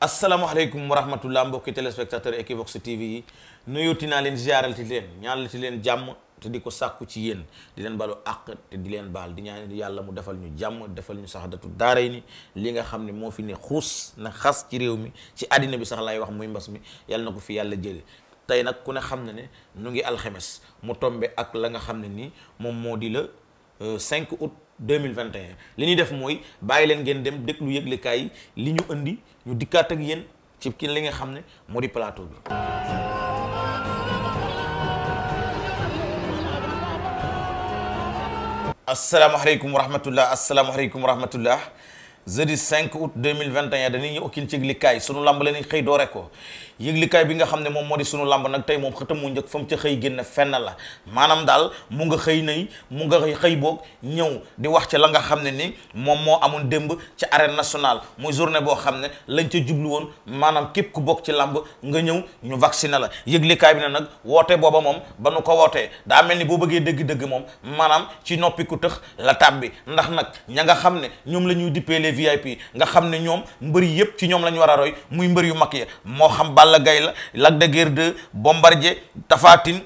asalaamaaleykum wa rahmatullah mbokki téléspectateur Equivox TV yi nuyooti naa leen ziaralti leen ñaanalti leen jàmm te di ko sàkku ci yéen di leen balu àq te di leen baal di ñaan yàlla mu defal ñu jàmm defal ñu sax saxadatu daaray ni li nga xam ne moo fi ne xuus na xas ci réew mi ci àddina bi sax laay wax muy mbas mi yàlla na ko fi yàlla jële tey nag ku ne xam na ne nu ngi alxemes mu tombe ak la nga xam ne nii moom moo di la 5 aut 2021 li ñuy def mooy bàyyi leen ngeen dem déglu yëglekaay yi li ñu indi ñu dikkaat ak yéen ci ki li nga xam ne moo di plateau bi. asalaamaaleykum wa rahmatulah asalaamaaleykum wa rahmatulah jeudi 5 août 2021 dañuy ñëw ak yéen ci yëglekaay sunu lamb leen xëy doore ko. yëglikaay bi nga xam ne moom moo di sunu làmb nag tey moom xëtam mu njëkk fa mu ca xëy génn fenn la maanaam daal mu nga xëy nay mu nga xëy boog ñëw di wax ci la nga xam ne ni moom moo amoon démb ci arène nationale muy journée boo xam ne lañ ca jublu woon maanaam képp ku bokk ci làmb nga ñëw ñu vacciné la yëglikaay bi ne nag woote booba moom ba nu ko wootee daa mel ni boo bëggee dëgg-dëgg moom maanaam ci noppi ku tëx la tàbbi ndax nag ña nga xam ne ñoom la ñuy dippee les VIP nga xam ne ñoom mbër yëpp ci ñoom la ñu war a roy muy mbër yu mag yi moo xam bal Balla Gaye la Lac de Guiers 2 Bombardier Tapha Tine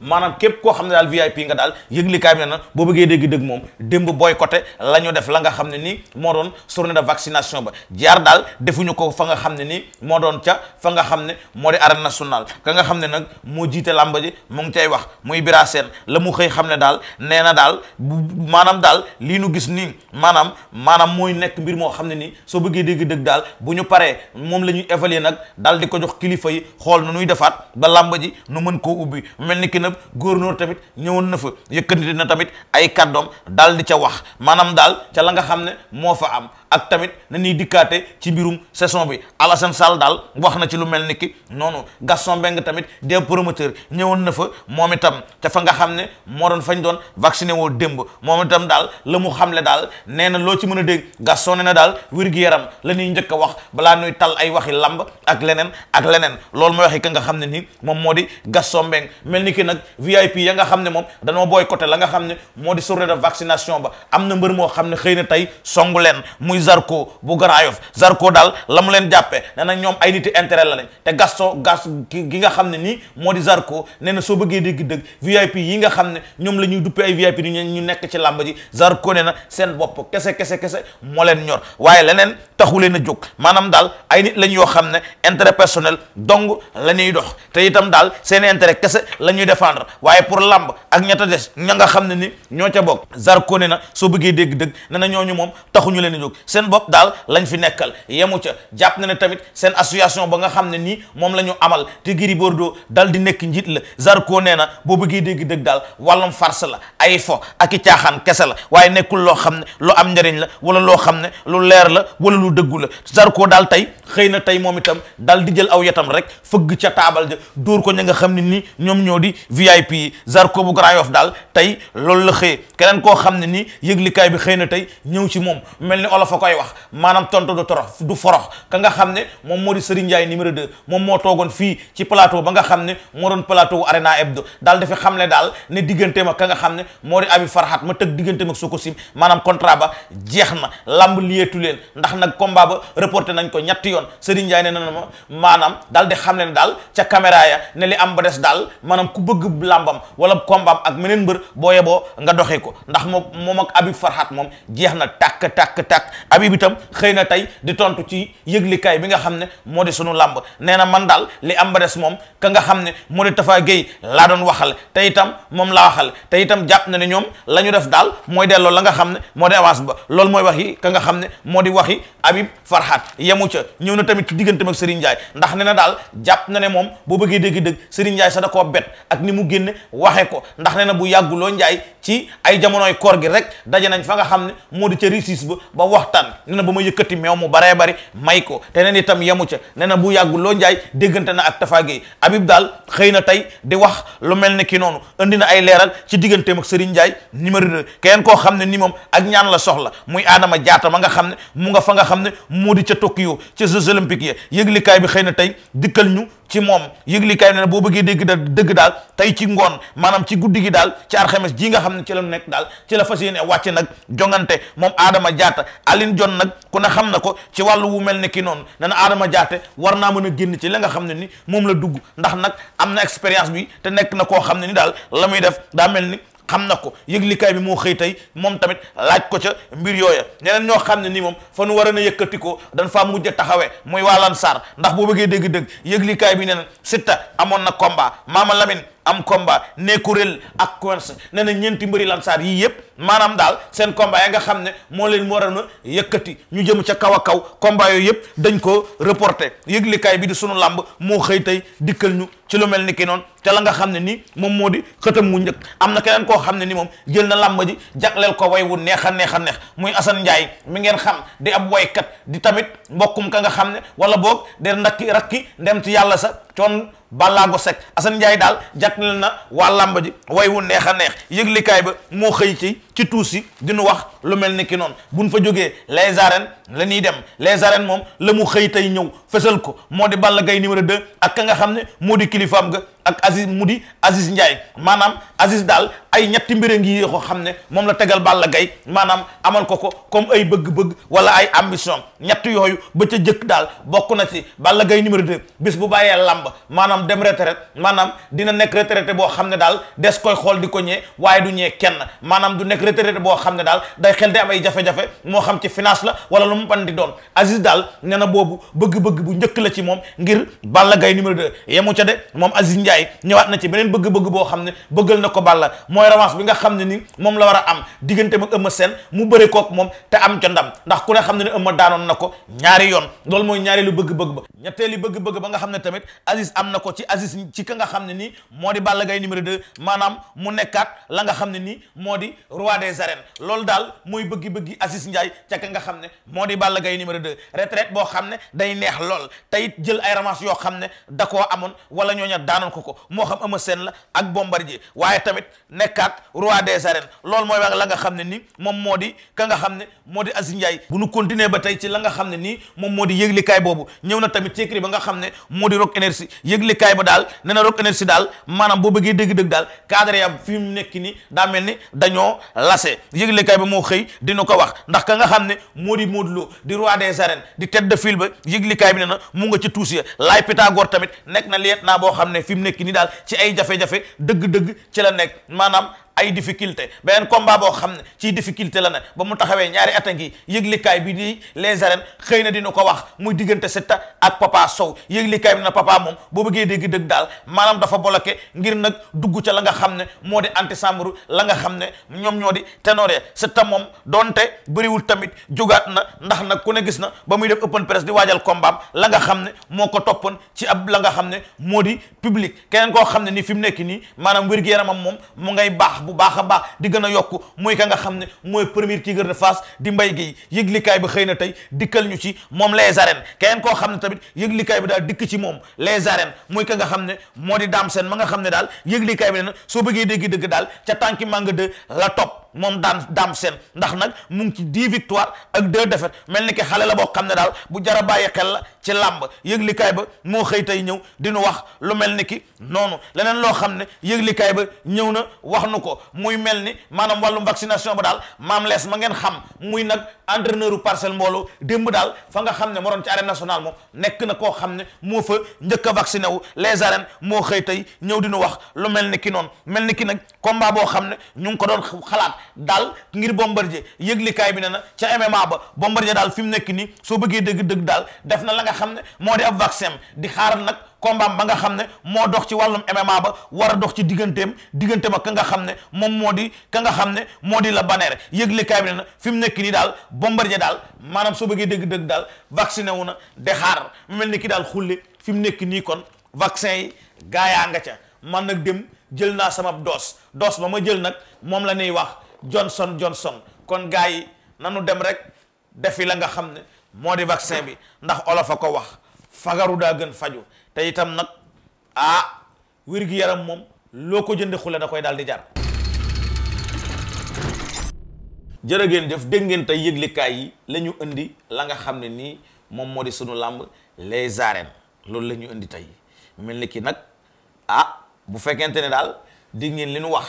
maanaam képp koo xam ne daal VIP nga daal yëglikaay bi ne na boo bëggee dégg dëgg moom démb boycotté la ñu def la nga xam ne nii moo doon journée de vaccination ba jaar daal defuñu ko fa nga xam ne nii moo doon ca fa nga xam ne moo di arène nationale ka nga xam ne nag moo jiite làmba ji mu ngi cay wax muy Bira Sène la mu xëy xam ne daal nee na daal maanaam daal lii nu gis nii maanaam maanaam mooy nekk mbir moo xam ne nii soo bëggee dégg dogal yi nag daal di ko jox kilifa yi xool nu nuy defaat ba làmb ji nu mën koo ubbi mel ni ki nag góornóor tamit ñëwoon na fa yëkkati na tamit ay kàddoom daal di ca wax maanaam daal ca la nga xam ne moo fa am ak tamit na ñuy dikkaate ci mbirum saison bi Alassane Sall daal wax na ci lu mel ni ki noonu Gaston Mbengue tamit des promoteur ñëwoon na fa moom itam te fa nga xam ne moo doon fañ doon vacciné woo démb moom itam daal la mu xamle daal nee na loo ci mën a dégg Gaston nee na daal wér yaram la ñuy njëkk wax balaa ñuy tal ay waxi lamb ak leneen ak leneen loolu mooy waxi nga xam ne nii moom moo di Gaston Mbengue mel ni ki nag VIP ya nga xam ne moom dañoo boycotté la nga xam ne moo di journée de vaccination ba am na mbër moo xam ne xëy na tey songu leen muy Zarko bu Garaayof Zarko daal la mu leen jàppee nee na ñoom ay niti intérêt la lañ te Gaston gas gi nga xam ne nii moo di Zarko nee na soo bëggee dégg dëgg VIP yi nga xam ne ñoom la ñuy duppee ay VIP ñu nekk ci làmb ji Zarko nee na seen bopp kese kese kese moo leen ñor waaye leneen taxu leen a jóg maanaam daal ay nit lañ yoo xam ne intérêt personnel dong la ñuy dox te itam daal seen intérêt kese la ñuy défendre waaye pour làmb ak ñetta des ña nga xam ne ni ñoo ca bokk Zarko na soo bëggee dégg dëgg na ñooñu moom taxuñu leen jóg seen bopp daal lañ fi nekkal yemu ca jàpp na ne tamit seen association ba nga xam ne nii moom la ñu amal te Gris doo dal di nekk njiit la Zarko nee na boo bëggee dégg dëgg daal wàllum farce la ay fo ak i caaxaan kese la waaye nekkul loo xam ne lu am njariñ la wala loo xam ne lu leer la wala lu dëggu la Zarko daal tey xëy na tey moom itam dal di jël aw yetam rek fëgg ca taabal ja dóor ko ña nga xam ne nii ñoom ñoo di VIP yi Zarko bu Grand daal tey loolu la xëyee keneen koo xam ne nii yëglikaay bi xëy na tey ñëw ci moom mel ni olof fa koy wax maanaam tontu du torox du forox ka nga xam ne moom moo di Serigne Ndiaye numéro de moom moo toogoon fii ci plateau ba nga xam ne moo doon plateau Arena Hebdo daal dafa xam ne daal ne digganteem ak ka nga xam ne moo di Abi Farhat ma tëg digganteem ak Sococim maanaam contrat ba jeex na lamb liyeetu leen ndax nag combat ba reporté nañ ko ñetti yoon Serigne Ndiaye ne na ma maanaam daal di xam ne daal ca caméra ya ne li am ba des daal maanaam ku bëgg lambam wala kombam ak meneen mbër boo yeboo nga doxee ko ndax moom moom ak Abi moom jeex na tàkk tàkk tàkk Habib itam xëy na tey di tontu ci yëglikaay bi nga xam ne moo di sunu làmb nee na man daal li am ba des moom ka nga xam ne moo di Tafa Gueye laa doon waxal tey itam moom laa waxal te itam jàpp na ne ñoom la ñu def daal mooy delloo la nga xam ne moo di avance ba lool mooy wax yi ka nga xam ne moo di waxi Habib Farhat yemu ca ñëw na tamit ci diggante ak Serigne Ndiaye ndax ne na daal jàpp na ne moom boo bëggee dégg-dëgg Serigne Ndiaye sa da koo bet ak ni mu génne waxee ko ndax nee na bu yàgguloo Ndiaye ci ay jamonoy koor gi rek daje nañ fa nga xam ne moo di ca réussite ba ba wax waxtaan nee na ba ma yëkkati meew mu baree bari may ko te neen itam yemu ca nee na bu yàggu loo njaay déggante na ak Tafa Gueye Habib daal xëy na tey di wax lu mel ni ki noonu andi na ay leeral ci digganteem ak Serigne Ndiaye numéro 2 keneen koo xam ne ni moom ak ñaan la soxla muy Adama jaata ma nga xam ne mu nga fa nga xam ne moo di ca Tokyo ca Jeux olympiques ya yëglikaay bi xëy na tey dikkal ñu ci moom yëglikaay bi ne boo bëggee dégg da dëgg daal tey ci ngoon maanaam ci guddi gi daal ci alxames ji nga xam ne ci la nekk daal ci la fas yéene wàcce nag jongante moom Adama Diatta Aline jot nag ku ne xam na ko ci wàllu wu mel ne ki noonu ne na Adama Diaté war naa mën a génn ci la nga xam ne ni moom la dugg ndax nag am na expérience bi te nekk na koo xam ne ni daal la muy def daa mel ni xam na ko yëglikaay bi moo xëy tey moom tamit laaj ko ca mbir yooya ñeneen ñoo xam ne ni moom fa nu war na yëkkati ko dañ faa mujj a taxawee muy waa saar ndax boo bëggee dégg-dégg yëglikaay bi nee na Siteu amoon na combat Mama Lamine am combat ne kuréel ak coince nee na ñeenti mbëri lansaar yii yëpp maanaam daal seen combat ya nga xam ne moo leen moo waroon a yëkkati ñu jëm ca kaw a kaw combat yooyu yëpp dañ ko reporté yëglikaay bi di sunu làmb moo xëy tey dikkal ñu ci lu mel ni ki noonu te la nga xam ne nii moom moo di xëtam mu njëkk am na keneen koo xam ne ni moom jël na làmb ji jagleel ko way wu neex a neex a neex muy Assane Ndiaye mi ngeen xam di ab waykat di tamit mbokkum ka nga xam ne wala boog de yàlla sa Ballaago Seck Assane Ndiaye daal jàttal na waa làmb ji way wu neex a neex yëglikaay ba moo xëy ci ci tuusi di wax lu mel ni ki noonu buñ fa jógee les arènes la ñuy dem les arènes moom la mu xëy tey ñëw fësal ko moo di Balla gay numéro 2 ak ka nga xam ne moo di kilifaam ga ak Aziz mu di Aziz Ndiaye maanaam Aziz daal ay ñetti mbir ngi yoo xam ne moom la tegal Balla gay maanaam amal ko ko comme ay bëgg-bëgg wala ay ambition ñett yooyu ba ca jëkk daal bokk na ci Balla gay numéro 2 bis bu bàyyee lamb maanaam dem retraite maanaam dina nekk retraité boo xam ne daal des koy xool di ko ñee waaye du ñee kenn maanaam du nekk retraité boo xam ne daal day xel di am ay jafe-jafe moo xam ci finance la wala lu mu pan di doon Aziz daal nee boobu bëgg-bëgg bu njëkk la ci moom ngir Balla Gaye numéro 2 yemu Ndiaye ñëwaat na ci beneen bëgg-bëgg boo xam ne bëggal na ko Balla mooy revanche bi nga xam ne ni moom la war a am diggante mag Eumeu Sène mu bëre kook moom te am ca ndam ndax ku ne xam ne ne Eumeu daanoon na ko ñaari am na ko ci Aziz moo di Balla Gaye numéro 2 daal mooy bëgg-bëggi Aziz Ndiaye ca ka xam ne moo di Balla Gaye numéro 2 retraite boo xam ne day neex lool te it jël yoo xam ne da koo amoon ñooña daanoon ko jàpp ko moo xam Eumeu Sène la ak Bombardier waaye tamit nekkaat roi des arènes loolu mooy la nga xam ne ni moom moo di ka nga xam ne moo di Aziz Ndiaye bu nu continuer ba tey ci la nga xam ne nii moom moo di na tamit ci écrit ba nga xam ne moo di Rock Énergie yëglikaay na Rock Énergie daal maanaam boo bëggee dëgg-dëgg daal cadre yam fi mu nekk nii daa mel ni dañoo lase yëglikaay ba moo xëy dina ko wax ndax ka nga xam ne moo di Lo di roi des arènes di tête de file ba yëglikaay bi ne na nga ci tuus ya laay Pythagore tamit nekk na liet naa boo xam ne fi nekk daal ci ay jafe-jafe dëgg-dëgg ci la nekk maanaam ay difficulté beneen combat boo xam ne ci difficulté la ne ba mu taxawee ñaari at a bi di les arènes xëy na dina ko wax muy diggante Siteu ak Papa Sow yëglikaay na papa moom boo bëggee dégg dëgg daal maanaam dafa bloqué ngir nag dugg ca la nga xam ne moo di antisambre la nga xam ne ñoom ñoo di ténoré Siteu moom donte bëriwul tamit jugaat na ndax nag ku ne gis na ba muy def open press waajal combat la nga xam ne moo ko toppoon ci ab la nga xam ne moo di public keneen koo xam ne ni fi mu nekk nii maanaam wér-gu-yaramam moom mu ngay baax bu baax a baax di gën a yokku muy ka nga xam ne mooy premier tigre de Fass di mbay gi yëglikaay bi xëy na tey dikkal ñu ci moom les arènes keneen koo xam ne tamit yëglikaay bi daal dikk ci moom les arènes muy ka nga xam ne moo di daam seen ma nga xam ne daal yëglikaay bi ne na soo bëggee dégg dëgg daal ca tànki màng de la topp moom daam daam seen ndax nag mu ngi di dix victoire ak deux défaites mel ni ki xale la boo xam ne daal bu jara bàyyi xel la ci làmb yëglikaay ba moo xëy tey ñëw di wax lu mel ni ki noonu leneen loo xam ne yëglikaay ba ñëw na wax nu ko muy mel ni maanaam wàllum vaccination ba daal maam lees ma ngeen xam muy nag entraîneur u parcelle mbooloo démb daal fa nga xam ne moroon ci arène nationale moom nekk na koo xam ne moo fa njëkk a wu les arènes moo xëy tey ñëw di nu wax lu mel ni ki noonu mel ni ki nag combat boo xam ne ñu ngi ko doon xalaat daal ngir Bombardier yëglekaay bi ne na ca MMA ba Bombardier daal fi mu nekk nii soo bëggee dëgg-dëgg daal def na la nga xam ne moo di ab vaccin di xaaral nag combat ba nga xam ne moo dox ci wàllum MMA ba war a dox ci digganteem diggante ba ka nga xam ne moom moo di ka nga xam ne moo di la baneere yëglikaay bi ne na fi mu nekk nii daal Bombardier daal maanaam soo bëggee dëgg-dëgg daal vacciné wu na de xaar mu mel ni ki daal xulle fi mu nekk nii kon vaccin yi gaayaa nga ca man nag dem jël naa sama doos doos ba ma jël nag moom la ñuy wax Johnson Johnson kon gars yi nanu dem rek def defi la nga xam ne moo di vaccin bi ndax olof a ko wax fagaru daa gën faju te itam nag ah wér gi yaram moom loo ko jënd xule da koy daal di jar jërë ngeen jëf dégg ngeen tey yëglikaay yi lañu indi la nga xam ne nii moom moo di sunu làmb les arènes loolu la ñu indi tey mel ni ki nag ah bu fekkente ne daal dégg ngeen li nu wax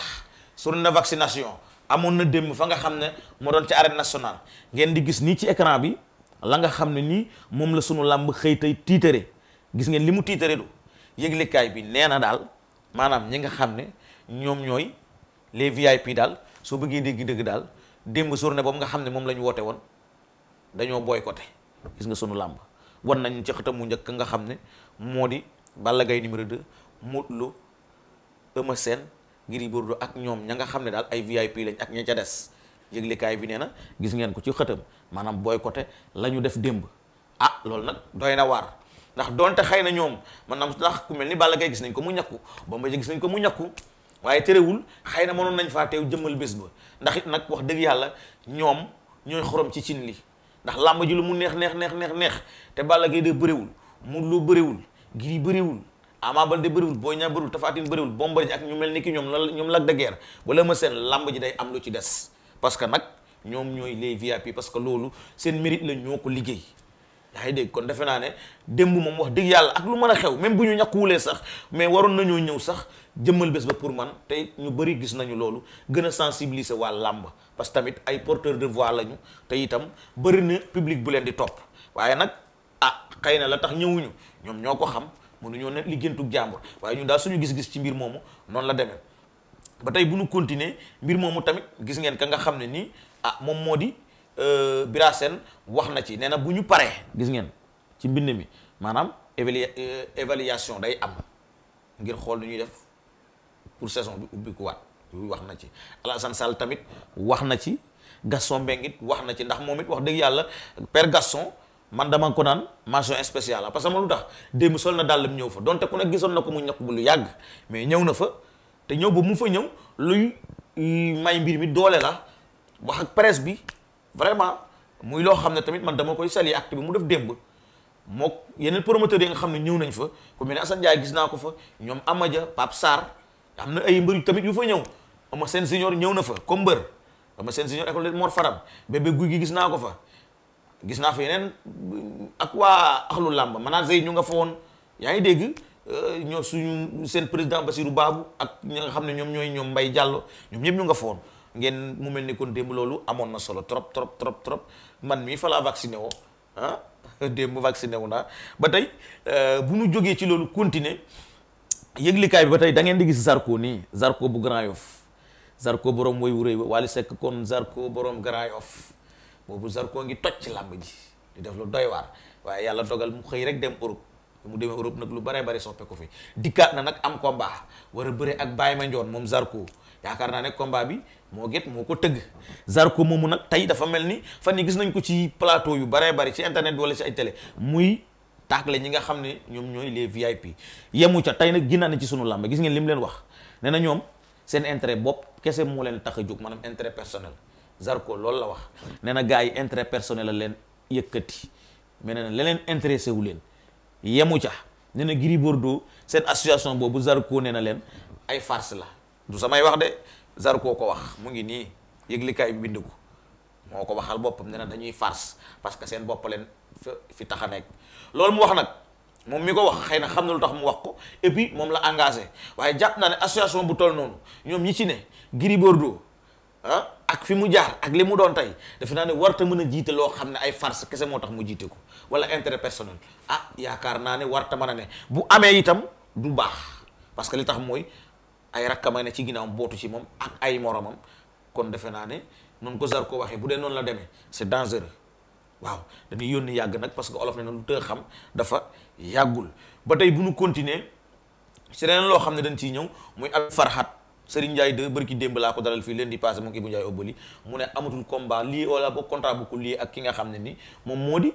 sur na vaccination amoon na démb fa nga xam ne moo doon ci arène nationale ngeen di gis nii ci ecran bi la nga xam ne nii moom la sunu làmb xëy tey tiitare gis ngeen li mu tiitare du yëglekaay bi nee na daal maanaam ñi nga xam ne ñoom ñooy les VIP daal soo bëggee dégg-dégg daal démb journée boobu nga xam ne moom la ñu woote woon dañoo boycotté gis nga sunu làmb wan nañ ci xëtamu njëkk nga xam ne moo di Balla Gaye numéro 2 mu Lo Eumeu Sène Gris Bordeaux ak ñoom ña nga xam ne daal ay VIP lañ ak ña ca des yëglekaay bi nee na gis ngeen ko ci xëtam maanaam boycotté la ñu def démb ah loolu nag doy na waar ndax donte xëy na ñoom maanaam ndax ku mel ni Balla Gaye gis nañ ko mu ñàkku Bomba ja gis ko mu ñàkku waaye terewul xëy na mënoon nañ faa teew jëmmal bés ba ndax it nag wax dëgg yàlla ñoom ñooy xorom ci cin li ndax làmb ji lu mu neex neex neex neex neex te Balla Gaye de bëriwul mu lu bëriwul Gris bëriwul Ama Baldé bëriwul Boy Niang bëriwul Tapha Tine bëriwul Bombardier ak ñu mel ni ki ñoom la ñoom Lac de Guiers wala ma seen lamb ji day am lu ci des parce que nag ñoom ñooy les VIP parce que loolu seen mérite la ñoo ko liggéey yaa dégg kon defe naa ne démb moom wax dëgg yàlla ak lu mën a xew même bu ñu ñàkkuwulee sax mais waroon nañoo ñëw sax jëmmal bés ba pour man tey ñu bëri gis nañu loolu gën a sensibiliser waa làmb parce que tamit ay porteurs de voix lañu te itam bëri na public bu leen di topp waaye nag ah xëy na la tax ñëwuñu ñoom ñoo ko xam ñoo ne liggéentug jàmbur waaye ñun daal suñu gis-gis ci mbir moomu noonu la demee ba tey bu ñu continuer mbir moomu tamit gis ngeen ka nga xam ne nii ah moom moo di euh, Bira Sène wax na ci nee na bu ñu paree gis ngeen ci mbind mi maanaam évalu euh, évaluation day am ngir xool nu ñuy def pour saison bi ubbi ko waat wax na ci Alassane Sall tamit wax na ci Gaston Mbengue wax na ci ndax moom it wax dëgg yàlla Père Gaston man dama ko naan mention la parce que ma lu tax démb sol na dàllam ñëw fa donte ku ne gisoon na ko mu ñàkk bu lu yàgg mais ñëw na fa te ñëw ba mu fa ñëw luy may mbir mi doole la wax ak presse bi vraiment muy loo xam ne tamit man dama koy sali act bi mu def démb moo yeneen promoteurs yi nga xam ne ñëw nañ fa ku mel ne Assane Ndiaye gis naa ko fa ñoom Amadia Pape Sarr am na ay mbër tamit yu fa ñëw ama seen senior ñëw na fa comme mbër ama seen senior école Mor Faram gi gis naa ko fa gis naa fa yeneen ak waa axlu làmb maanaam zey ñu nga fa woon yaa ngi dégg euh, ñoo suñu seen président Basirou Babou ak ñi nga xam ne ñoom ñooy ñoom mbay jàll ñoom ñëpp ñu nga fa woon ngeen mu mel ni kon démb loolu amoon na solo trop trop trop trop man mii fa laa vacciné woo ah démb vacciné wu naa ba tey euh, bu ñu jógee ci loolu continuer yëglikaay bi ba tey dangeen ngeen di gis Zarko nii Zarko bu Grand Yoff Zarko borom woy wu rëy Wally Seck kon Zarko borom Grand Yoff boobu Zarko ngi toj ci làmb ji di def lu doy waar waaye yàlla dogal mu xëy rek dem Europe mu demee Europe nag lu baree bari soppe ko fi dikkaat na nag am combat war a bëre ak Baye Mandione moom sarko yaakaar naa ne combat bi moo get moo ko tëgg Zarko moomu nag tey dafa mel ni fan ne gis nañ ko ci plateau yu bare bari ci internet bi wala ci ay télé muy taakle ñi nga xam ne ñoom ñooy les VIP yemu ca tey nag ginnaan ci sunu làmb gis ngeen li mu leen wax ne na ñoom seen intérêt bopp kese moo leen tax a jóg maanaam intérêt Zarko loolu la wax nee na gars yi intérêt personnel la leen yëkkati mais na leneen intéressé wu leen yemu ca nee na Gris Bordeaux seen association boobu Zarko nee na leen ay farce la du samay wax de Zarko ko wax mu ngi nii yëglikaay bi bind ko moo ko waxal boppam nee na dañuy farce parce que seen bopp leen fi tax a nekk loolu mu wax nag moom mi ko wax xëy na xam na lu tax mu wax ko et puis moom la engagé waaye jàpp naa ne association bu toll noonu ñoom ñi ci ne Gris Bordeaux ah ak fi mu jaar ak li mu doon tey defe naa ne warta mën a jiite loo xam ne ay farce kese moo tax mu jiite ko wala intérêt personnel a ah, yaakaar naa ne warta mën a ne bu amee itam du baax parce que li tax mooy ay rakkama ne ci ginnaawam bootu ci moom ak ay moromam kon defe naa ne noonu ko Zarko waxee bu dee noonu la demee c'est dangereux waaw dañuy yónni yàgg nag parce que olof ne na lu tëë xam dafa yàggul ba tey bu ñu continuer si leneen loo xam ne dañ ciy ñëw muy ab farxat Serigne Ndiaye 2 bërki démb laa ko dalal fii leen di passé moom Ibou Ndiaye Obali mu ne amatul combat lii wala ba contrat bu ko lii ak ki nga xam ne ni moom moo di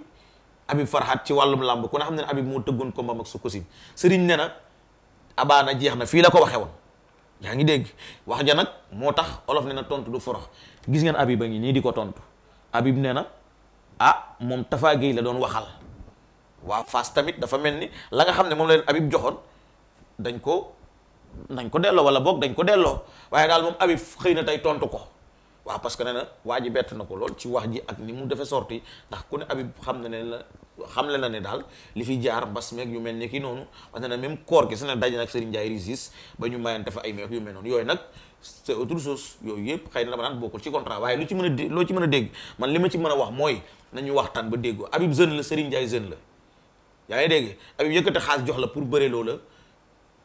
Habib Farhat ci wàllum làmb ku ne xam ne ne Habib moo tëggoon combat ak Sokocim ne na abaana jeex na fii la ko waxee woon yaa ngi dégg wax ja moo tax olof ne na tontu du forox gis ngeen Habib a ngi nii di ko tontu Habib ne na ah moom Tafa Gueye la doon waxal waa Fass tamit dafa mel ni la nga xam ne moom la leen Habib joxoon dañ ko nañ ko delloo wala boog dañ ko delloo waaye daal moom Habib xëy na tey tontu ko waaw parce que nee na waa ji bett na ko lool ci wax ji ak ni mu defee sorti ndax ku ne abi xam na ne la xam le na ne daal li fi jaar mbas meeg yu mel ni ki noonu ne na ne même koor gi su ne daje nag Serigne Ndiaye Rizis ba ñu mayante fa ay meeg yu mel noonu yooyu nag c'est autre chose yooyu yëpp xëy na dama naan bokkul ci contrat waaye lu ci mën a dé loo ci mën a dégg man li ma ci mën a wax mooy nañu waxtaan ba déggoo Habib jeune la Serigne Ndiaye la yaa ngi dégg Habib yëkkate xaalis jox la pour bëre loola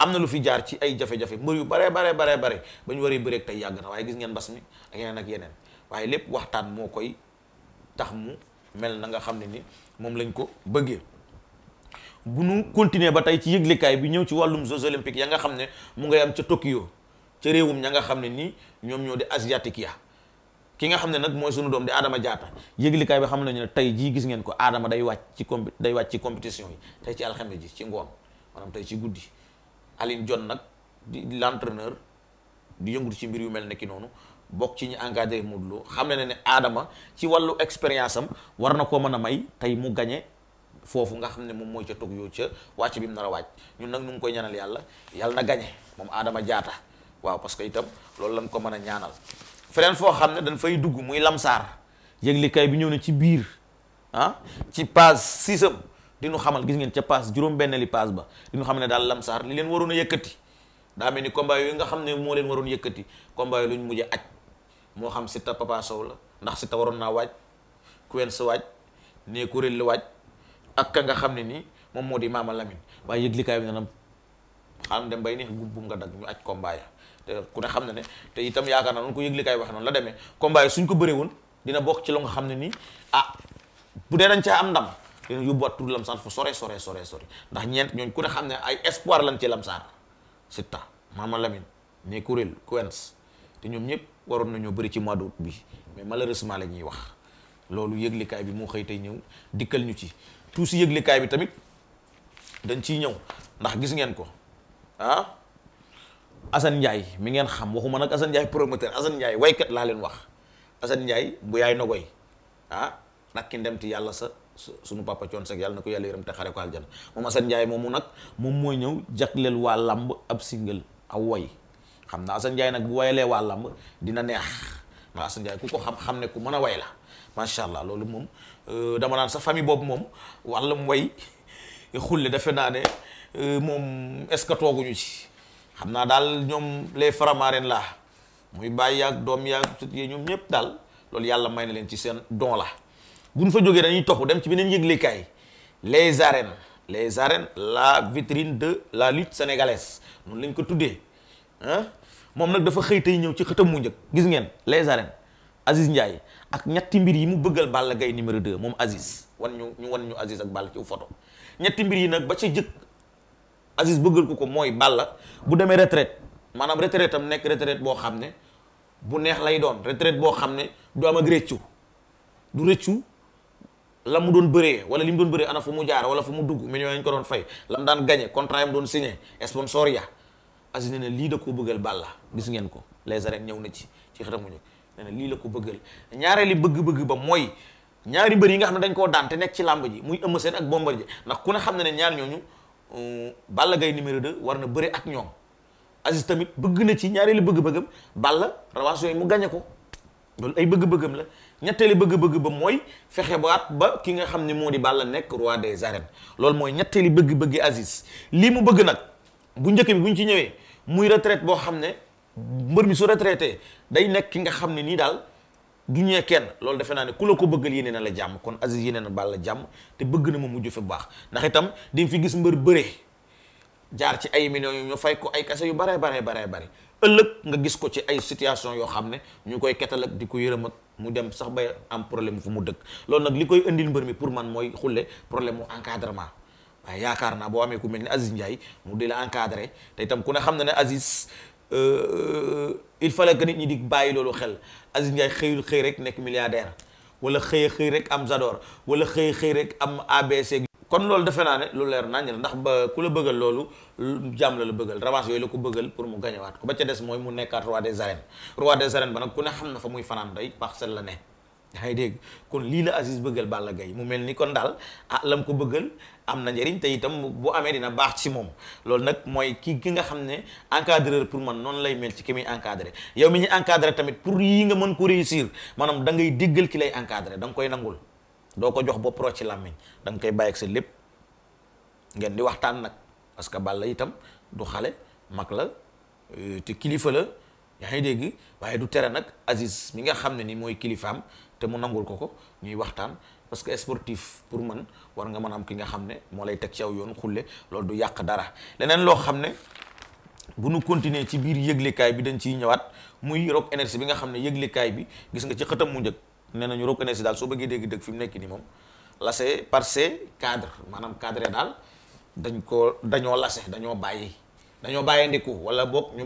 am na lu fi jaar ci ay jafe-jafe mbër yu bare bare bare bare ba ñu waree bëreeg tey yàgg na waaye gis ngeen mbas mi ak yeneen ak yeneen waaye lépp waxtaan moo koy tax mu mel na nga xam ne ni moom lañ ko bëggee bu nu continuer ba tey ci yëglekaay bi ñëw ci wàllum jeux ya nga xam ne mu ngay am ca Tokyo ca réewum ña nga xam ne nii ñoom ñoo di asiatique ya ki nga xam ne nag mooy sunu doom di Adama jaata yëglekaay bi xam nañu ne tey jii gis ngeen ko Adama day wàcc ci comp day wàcc ci compétition yi tey ci alxeme ji ci ngoon maanaam tey ci guddi Aline John nag di l'entraîneur di yëngutu ci mbir yu mel nekki noonu bokk ci ñu engagé Modou Lo xam ne ne Adama ci wàllu expérience am war na koo mën a may tey mu gañe foofu nga xam ne moom mooy ca toog yow ca wàcc bi mu nar a wàcc ñun nag nu ngi koy ñanal yàlla yàlla na gañe moom aadama jaata waaw parce que itam loolu lañ ko mën a ñaanal feneen foo xam ne dañ fay dugg muy lamsaar yëglikaay bi ñëw na ci biir ah ci page sisam di nu xamal gis ngeen ca paas juróom-benneeli paas ba di nu ne daal lamsaar li leen waroon a yëkkati daa mel ni combat yooyu nga xam ne moo leen waroon yëkkati combat yooyu lu ñu mujj aj moo xam Siteu Papa Sow la ndax Siteu waroon naa waaj Quench waaj nee kuréel li waaj ak ka nga xam ne nii moom moo di Mama Lamine waaye yëglikaay bi nag xaaral dem bay neex bu nga dagg ñu aj combat ya te ku ne xam ne ne te itam yaakaar naa noonu ko yëglikaay wax noonu la demee combat suñ ko bëree woon dina bokk ci lu nga xam ne nii ah bu dee dañ caa am ndam. yóbbuwaat tur lamsaar fu sore sore sore sore ndax ñeent ñooñ ku ne xam ne ay espoir lañ ci lamsaar sitta Mama Lamine ne kuréel Queens te ñoom ñëpp waroon nañoo bari ci mois d'août bi mais malheureusement la ñuy wax loolu yëglikaay bi moo xëy tey ñëw dikkal ñu ci tout si yëglikaay bi tamit dañ ciy ñëw ndax gis ngeen ko ah Assane Ndiaye mi ngeen xam waxuma nag Assane Ndiaye promoteur Assane Ndiaye waykat laa leen wax Assane Ndiaye bu yaay nogoy ah rakki yàlla sa suñu papa Thione Seck yàlla na ko yàlla yërëm te xare ko aljana moom Assane Ndiaye moomu nag moom mooy ñëw jagleel waa làmb ab single aw way xam naa Assane njaay nag bu wayalee waa dina neex ndax Assane Ndiaye ku ko xam-xam ne ku mën a way la macha allah loolu moom euh, dama naan sa famille boobu moom wàllum way xulle defe naa ne euh, moom est ce que tooguñu ci xam naa daal ñoom les faramaren la muy bàyyi yaag doom yaag sut yee ñoom ñëpp daal loolu yàlla may na leen ci seen don la bu buñ fa jógee dañuy toxu dem ci beneen yëglekaay les arènes les arènes la vitrine de la lutte sénégalaise noonu lañ ko tuddee ah moom nag dafa xëy tey ñëw ci xëtam mu njëkk gis ngeen les arènes Aziz Ndiaye ak ñetti mbir yi mu bëggal Balla gay numéro de moom Aziz wan ñu ñu wan ñu Aziz ak Balla ci photo ñetti mbir yi nag ba ca jëkk Aziz bëggal ko ko mooy Balla bu demee retraite maanaam retraite am nekk retraite boo xam ne bu neex lay doon retraite boo xam ne du am ak rëccu du la mu doon bëree wala li mu doon bëree ana fu mu jaar wala fu mu dugg millions yi ñu ko doon fay la mu daan gagné contrat yi mu doon signé sponsor ya Aziz nee lii da koo bëggal Balla gis ngeen ko les arènes ñëw na ci ci xetamu ñu nee na ko bëggal ñaareeli bëgg-bëgg ba mooy ñaari mbër yi nga xam ne dañ koo daan nekk ci làmb ji muy Eumeu Sène ak Bombardier ndax ku ne xam ne ne ñaar ñooñu euh, Balla Gaye numéro 2 war na bëre ak ñoom Aziz tamit bëgg na ci ñaareeli bëgg-bëggam Balla revanche yooyu mu gagné ko loolu ay bëgg-bëggam la ñetteeli bëgg-bëgg ba mooy fexe baat ba ki nga xam ne moo di Balla nekk roi des arènes loolu mooy ñetteeli bëgg-bëggi Aziz lii mu bëgg nag bu njëkk bi bu ñu ci ñëwee muy retraite boo xam ne mbër mi su retraité day nekk ki nga xam ne nii daal gi ñee kenn loolu defe naa ne ku la ko bëggal yéene na la jàmm kon Aziz yéene na la jàmm te bëgg na ma mujj fi baax ndax itam di fi gis mbër bëre jaar ci ay millions yu ñu fay ko ay kase yu baree baree baree bare ëllëg nga gis ko ci ay situation yoo xam ne ñu koy ketal di ko yërëm ak mu dem sax ba am problème fu mu dëkk loolu nag li koy indil mbër mi pour man mooy xulle problème mu encadrement waaye yaakaar naa boo amee ku mel ni Aziz Ndiaye mu di la encadré te itam ku ne xam na ne Aziz euh, euh, il fallait que nit ñi di bàyyi loolu xel Aziz Ndiaye xëyul xëy rek nekk milliardaire wala xëy xëy rek am Zador wala xëy xëy rek am ABC. kon loolu defe naa ne lu leer nañ la ndax ba ku la bëggal loolu jàmm la la bëggal revanche yooyu la ko bëggal pour mu gañewaat ko ba ca des mooy mu nekkaat roi de arènes roi des arènes ba nag ku ne xam na fa muy fanaan day parcelle la ne yaa dégg kon lii la Aziz bëggal Balla Gaye mu mel ni kon daal ah lam ko bëggal am na njëriñ te itam bu amee dina baax ci moom loolu nag mooy ki ki nga xam ne encadreur pour man noonu lay mel ci ki muy encadré yow mi ñu encadré tamit pour yii nga mën ko réussir maanaam dangay ngay déggal ki lay encadré da nga koy nangul doo ko jox bopp ci làmmiñ da nga koy bàyyi ak sa lépp ngeen di waxtaan nag parce que Balla itam du xale mag la euh, te kilifa la yaa ngi dégg waaye du tere nag Aziz mi nga xam ne ni mooy kilifaam te mu nangul ko ko ñuy waxtaan parce que sportif pour man war nga mën am ki nga xam ne moo lay teg ci aw yoon xule loolu du yàq dara leneen loo xam ne bu nu continuer ci biir yëglekaay bi dañ ciy ñëwaat muy Rock Énergie bi nga xam ne yëglekaay bi gis nga ci xëtam mu njëkk nee nañu reconnaître daal soo bëggee dégg dëgg fi mu nekk nii moom lase par ces cadre maanaam cadre daal dañ ko dañoo lase dañoo bàyyi dañoo bàyyi ndiku wala boog ñu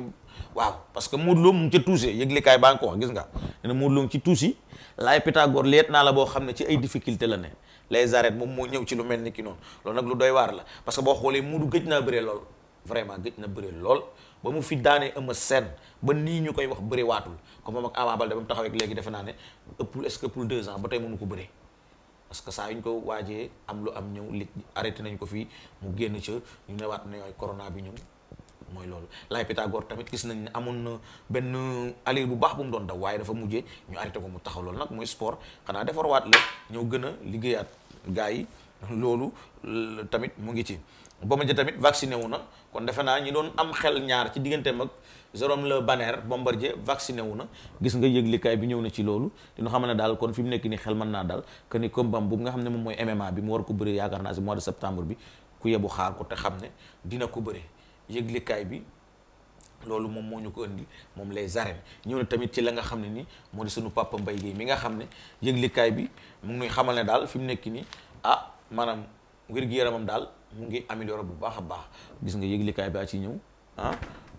waaw parce que Modou Lo mu ngi ca tuusee yëglikaay baa ngi ko gis na Modou ci tuusi laay Pythagore leet la boo xam ne ci ay difficulté la ne les arêtes moom moo ñëw ci lu mel ni ki noonu loolu nag lu doy waar la parce que boo xoolee Modou gëj naa bëree lool vraiment gëj na bëre lool ba mu fi daanee Eumeu Sène ba nii ñu koy wax bëre waatul comme moom ak Ama Baldé ba mu taxawee léegi defe naa ne ëppul est que pour deux ans ba tey mënu ko bëre parce que saa yu ñu ko waajee am lu am ñëw li arrêté nañ ko fii mu génn ca ñu newaat ne ay corona bi ñëw mooy loolu laay Pythagore tamit gis nañ ne amoon na benn allure bu baax bu mu doon daw waaye dafa mujje ñu arrêté ko mu taxaw loolu nag mooy sport xanaa waat la ñëw gën a liggéeyaat gars yi loolu tamit mu ngi ci Bombardier tamit vacciné wu na kon defe naa ñi doon am xel ñaar ci digganteem ak Jérôme la Banner Bombardier vacciné wu na gis nga yëglikaay bi ñëw na ci loolu dina xam ne daal kon fi mu nekk nii xel mën naa dal que ni combat boobu nga xam ne moom mooy MMA bi ko bëree yaakaar naa si mois de septembre bi ku te xam ne dina ko bëree yëglikaay bi loolu moom moo ñu moom les arènes ñëw tamit ci la nga xam ne nii moo di sunu papa Mbaye Guèye mi nga xam ne yëglikaay bi mu ngi xamal ne daal fi mu nekk nii ah maanaam wér-gu-yaramam daal mu ngi amélioré bu baax a baax gis nga yëglikaay baa ci ñëw ah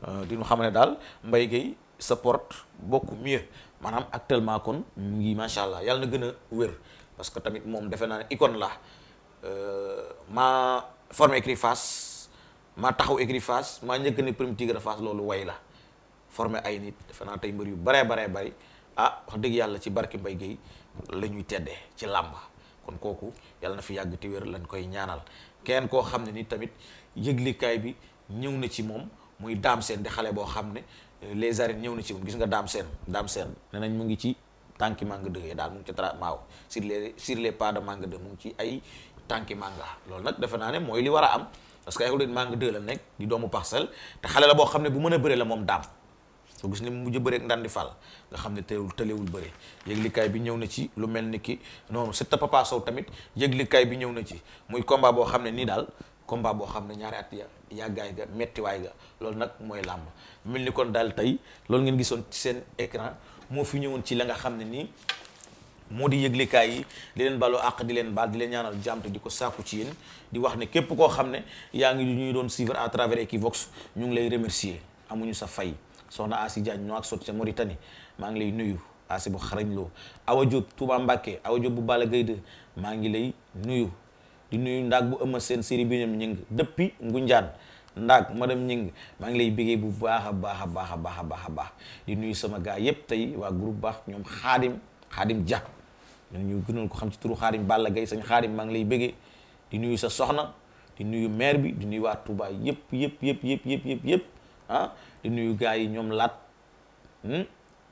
euh, di ñu xam ne daal mbay Gueye sa porte beaucoup mieux maanaam actuellement kon mu ngi macha allah yàlla na gën a wér parce que tamit moom defe naa ne icône la euh, maa formé écurie Fass maa taxaw écurie maa njëkk ne Premier Tigre Fass loolu way la formé ay nit defe naa tey mbër yu baree baree bari ah wax dëgg yàlla ci barke Mbaye Gueye la ñuy teddee ci làmb kon kooku yàlla na fi yàgg te wér lañ koy ñaanal kenn koo xam ne ni tamit yëglikaay bi ñëw na ci moom muy daam seen di xale boo xam ne euh, les arènes ñëw na ci moom gis nga daam seen daam seen ne nañ mu ngi ci tànki manga dë daal mu ngi ci traitement wu sur les sur les pas de manga dë mu ngi ci ay tànki manga loolu nag defe naa ne mooy li war a am parce que ay manga dë la nekk di doomu parcelle te xale la boo xam ne bu mën a bëre la moom daam soo gis ne mu mujj bëre ak Ndandi Fall nga xam ne teewul tëlewul bëre yëglikaay bi ñëw na ci lu mel ni ki noonu c'est Papa Sow tamit yëglikaay bi ñëw na ci muy combat boo xam ne nii daal combat boo xam ne ñaari at ya yàggaay ga mettiwaay ga loolu nag mooy làmb mel ni kon daal tey loolu ngeen gisoon ci seen écran moo fi ñëwoon ci la nga xam ne nii moo di yëglekaay yi di leen baloo àq di leen baal di leen ñaanal jàmm te ko sàkku ci di wax ne képp koo xam ne yaa ngi ñuy doon suivre à travers Equivox ñu ngi lay remercier amuñu sa fay soxna Asi Diagne ñoo ak sot ca Mauritanie maa ngi lay nuyu Asi bu xarañ loo Awa Diop Touba Mbacké Awa Diop bu Balla Gaye de maa ngi lay nuyu di nuyu ndaag bu ëmma seen série bi ñoom ñëng depuis Ngunjaan ndaag madame ñëng maa ngi lay bégee bu baax a baax a baax a baax a baax a baax di nuyu sama gars yépp tey waa groupe baax ñoom xaadim xaadim ja ñun ñu gënal ko xam ci turu xaadim Balla Gaye sañ xaadim maa ngi lay bégee di nuyu sa soxna di nuyu maire bi di nuyu waa yëpp yëpp yëpp yëpp yëpp yëpp ah di nuyu yi ñoom laat hmm,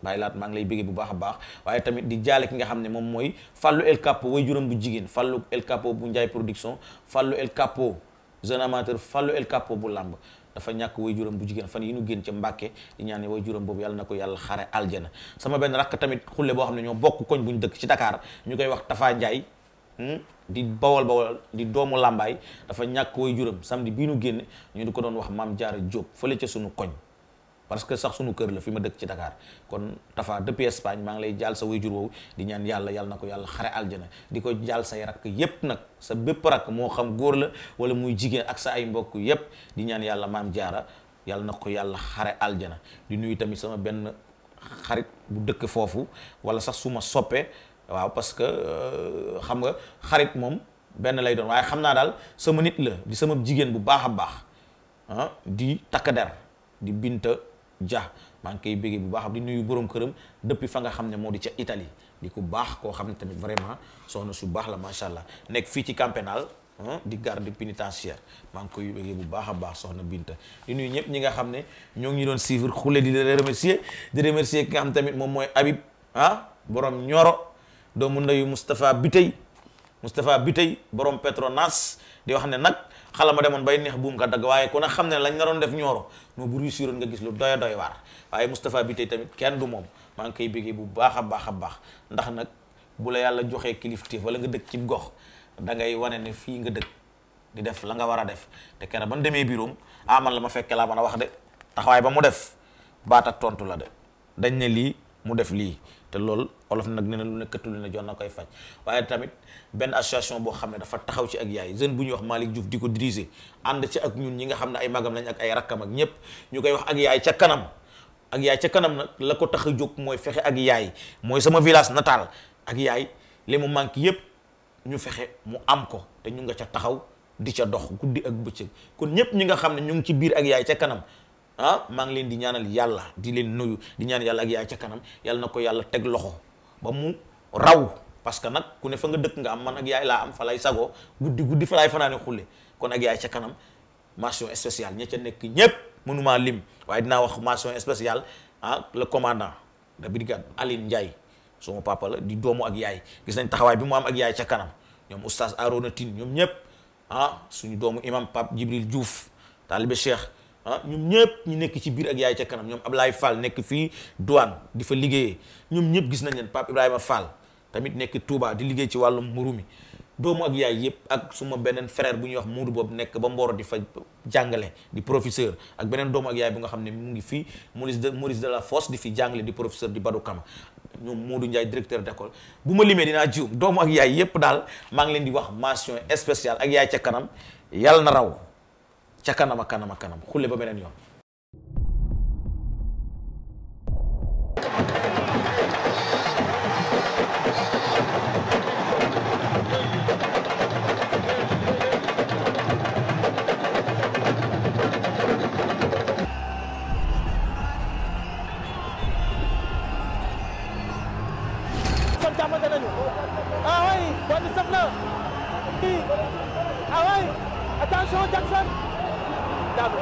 bàyyi laat maa ngi lay bëggee bu baax a baax waaye tamit di jaale ki nga xam ne moom mooy Fallou El Capo way juróom bu jigéen Fallou El Capo bu Njaay production Fallou El Capo jeune amateur Fallou bu làmb dafa ñàkk way juróom bu jigéen fan yi ñu génn ci Mbàkke di ñaan ne way juróom boobu yàlla na ko yàlla xare aljana sama benn rakk tamit xule boo xam ne ñoo bokk koñ bu ñu dëkk ci Dakar ñu koy wax tafaa Njaay Hmm? di bawal bawal di doomu làmbaay dafa ñàkk way juram samdi bii nu génne ñu di ko doon wax maam jaara jóob fële ca sunu koñ parce que sax sunu kër la fi ma dëkk ci Dakar kon dafa depuis Espagne maa ngi lay jaal sa wayjur woowu di ñaan yàlla yàlla na ko yàlla xare aljana di ko jaal say rakk yépp nag sa bépp rakk moo xam góor la wala muy jigéen ak sa ay mbokk yépp di ñaan yàlla maam jaara yàlla na ko yàlla xare aljana di nuyu tamit sama benn xarit bu dëkk foofu wala sax suma soppee waaw parce que euh, xam nga xarit moom benn lay doon waaye xam naa daal sama nit la di sama jigéen bu baax a baax ah di takk der di Binta ja maa ngi koy béggee bu baax di nuyu borom këram depuis fa nga xam ne moo di ca Italie di ku baax koo xam ne tamit vraiment soxna su baax la macha allah nekk fii ci camp pénal ah, di garde pénitentiaire maa ngi koy béggee bu baax a baax soxna Binta di nuyu ñëpp ñi nga xam ne ñoo ngi doon suivre xule di leen remercier di tamit moom mooy Habib ah borom ñoro doomu ndeyu Moustapha Bitey Moustapha Bitey borom Petronas di wax ne nag xala ma demoon bay neex buum nga dagg waaye ku ne xam ne lañ doon def ñooro moo bu réussiroon nga gis lu doy doy waar waaye Moustapha Bitey tamit kenn du moom maa ngi koy bégee bu baax a baax a baax ndax nag bu la yàlla joxee kilifteef wala nga dëkk ci gox da ngay wane ne fii nga dëkk di def la nga war a def te keroog ban demee biiroom aman ah la ma fekkee laa mën a wax de taxawaay ba mu def baat tontu la de mu def lii te loolu olof nag nee na lu nekkatu ne jox na koy faj waaye tamit benn association boo xam ne dafa taxaw ci ak yaay jeune bu ñuy wax Malick Diouf di ko diriger ànd ci ak ñun ñi nga xam ne ay magam lañ ak ay rakkam ak ñëpp ñu koy wax ak yaay ca kanam ak yaay ca kanam la ko tax a jóg mooy fexe ak yaay mooy sama village nataal ak yaay li mu manque yëpp ñu fexe mu am ko te ñu nga ca taxaw di ca dox guddi ak bëccëg kon ñëpp ñi nga xam ne ñu ngi ci biir ak yaay ca kanam ah maa ngi leen di ñaanal yàlla di leen nuyu di ñaan yàlla ak yaay ca kanam yàlla na ko yàlla teg loxo ba mu raw parce que nag ku ne fa nga dëkk nga am man ak yaay laa am fa lay sagoo guddi guddi fa laay fanaane xulle kon ak yaay ca kanam mention spéciale ña ca nekk ñépp mënumaa lim waaye dinaa wax mention spéciale ah le commandant de brigade Aline Ndiaye suma papa la di doomu ak yaay gis nañ taxawaay bi mu am ak yaay ca kanam ñoom oustaz Arona Tine ñoom ñépp ah suñu doomu imam Pape Djibril Diouf taalibe Cheikh ah ñoom ñëpp ñu nekk ci biir ak yaay ca kanam ñoom ab Ablaye Fall nekk fii douane di fa liggéeyee ñoom ñëpp gis nañ leen Pape Ibrahima faal tamit nekk Touba di liggéey ci wàllu mburu mi doomu ak yaay yëpp ak suma beneen frère bu ñuy wax Moodu boobu nekk ba Mboro di fa jàngale di professeur ak beneen doomu ak yaay bu nga xam ne mu ngi fii Maurice de Maurice la Fosse di fi jàngale di professeur di Badou Kama ñoom Moodu Ndiaye directeur d'école bu ma limee dinaa jiw doomu ak yaay yëpp daal maa ngi leen di wax mention spéciale ak yaay ca kanam yàlla na raw ca kanam ak kanam ak kanam xulle ba beneen yoon Ah oui, bonne souffle. Ah oui, attention Jackson. daanu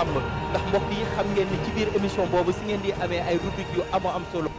sàmm ndax mbokk yi xam ngeen ni ci biir émission boobu si ngeen di amee ay rubrique yu am am solo